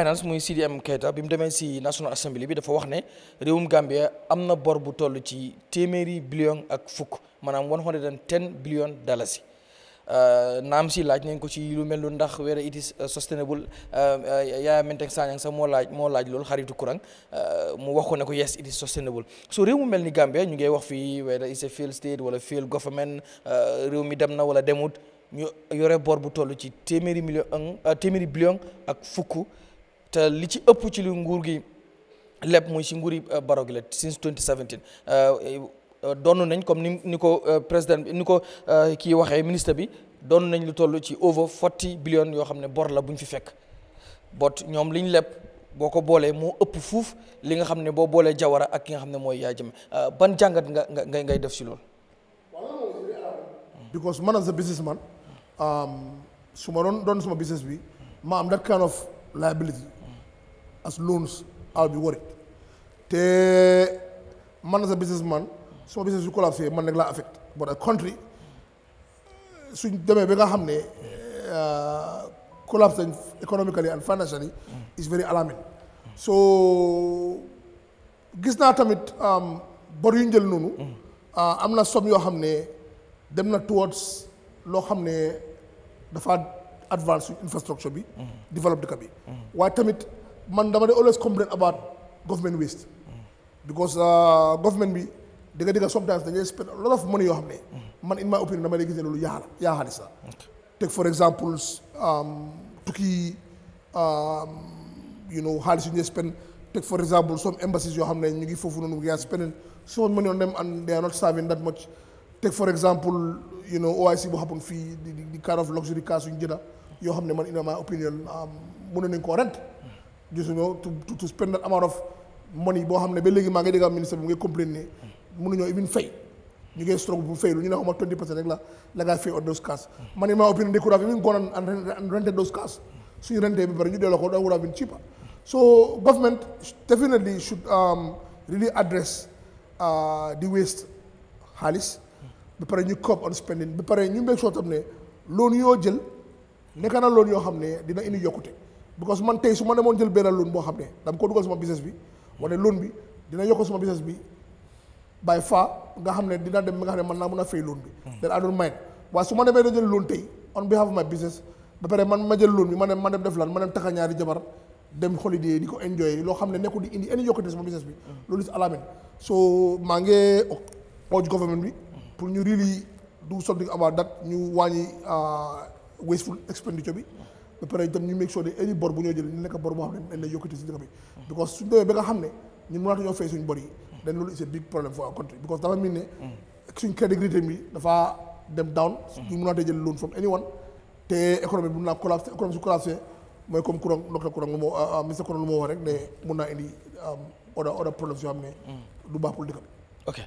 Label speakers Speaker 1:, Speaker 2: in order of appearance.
Speaker 1: finance muy Sidi M Keita bi mu demee si National Assembly bi dafa wax ne réewum Gambia am na bor bu toll ci téeméeri billion ak fukk maanaam one hundred ten billion dalasi euh, naam si laaj nañ ko ci lu mel lu ndax where it is euh, sustainable euh, Yahya Menteng Sanyang sax moo laaj moo laaj loolu xaritu kurang mu wax ko ne ko yes it is sustainable so réew mu mel ni Gambia ñu ngay wax fii whether it's a failed state wala réew mi dem na wala demut ñu yore bor bu toll ci téeméeri million téeméeri billion ak fukk te li ci ëpp ci li nguur gi lépp muy si nguuri euh, Barrow gi la since 2017 euh, euh, doon nañ comme ni ni ko président ni ko kii waxee ministre bi doon nañ lu toll ci over 40 billion yoo xam ne bor la bu ñu fi fekk bot ñoom liñ lépp boo ko boolee moo ëpp fuuf li nga xam ne boo boolee jawara ak ki nga xam ne mooy yaay jëm ban jàngat nga nga ngay def si lool
Speaker 2: because man as a man um, su ma doon doon suma business bi ma am that kind of liability. as loans I'll be worried te man as man businessman suma business su collapse man nag laa affect but a country suñ demee bi nga xam ne uh, collapse economically and financially is very alarming so gis naa tamit um, bor yu njël noonu uh, am na somme yoo xam ne dem na towards loo xam ne dafa advance infrastructure bi développe dëkk bi mm-hmm. waaye tamit man dama de always complain about government waste because uh, government bi di nga digga sometimes dañuy spend a lot yoo xam ne man in my opinion dama lay gisee loolu yaa yaa xaalis la teg for example um, tukki um, you know xaalis yu ñuy spend teg for example some embassies yoo xam ne ñu ngi foofu noonu we are spending so much money on them and they are not fii di di kind of ñu jënda yoo xam ne man in my opinion um, mën nañ koo rent gisuñoo to to spend that amount of money boo xam ne ba léegi maa ngi dégg ministre bi mu ngi complain ne mënuñoo even fay ñu ngi struggle bu fay lu ñu ne xawma 20 percent rek la la ngay fay on those cars man in my opinion they could have even gone and rented those cars suñu renté bi bari ñu delloo ko that would have been cheaper so government definitely should um, uh, xaalis ba pare ñu cope on ba pare ñu make sure tam ne loolu yoo jël nekk na loolu yoo xam ne dina indi yokkute because man tey su ma demoon jël benn loan boo xam ne dama ko dugal sama business bi wane loan bi dina yokk sama business bi by far nga xam dina dem nga xam ne man naa a fay loan bi hmm. then I don't mind waaye su ma demee da jël loan tay on behalf of my business ba pare man ma jël loan bi ma dem ma dem def lan ma dem takka ñaari jabar dem holiday diko ko enjoy lo xam ne di indi any yokkate sama business bi hmm. loolu is alamin so maa ngi government bi pour ñu really do something about that ñu uh, wasteful expenditure bi ba pare itam ñu make sure ne any bor bu ñoo jël ñu nekk bor moo xam ne dañ lay yokkati si dëkk bi because suñ ba nga bor yi dañ loolu c'est big problème for our country because dafa mel ne suñ crédibilité bi dafa dem down ñu mun naa collapse économie su collapse mooy comme courant docteur courant lu moo ah, ah, courant lu moo wax rek ne mun naa indi um, other other problèmes yoo xam ne mm. du baax pour bi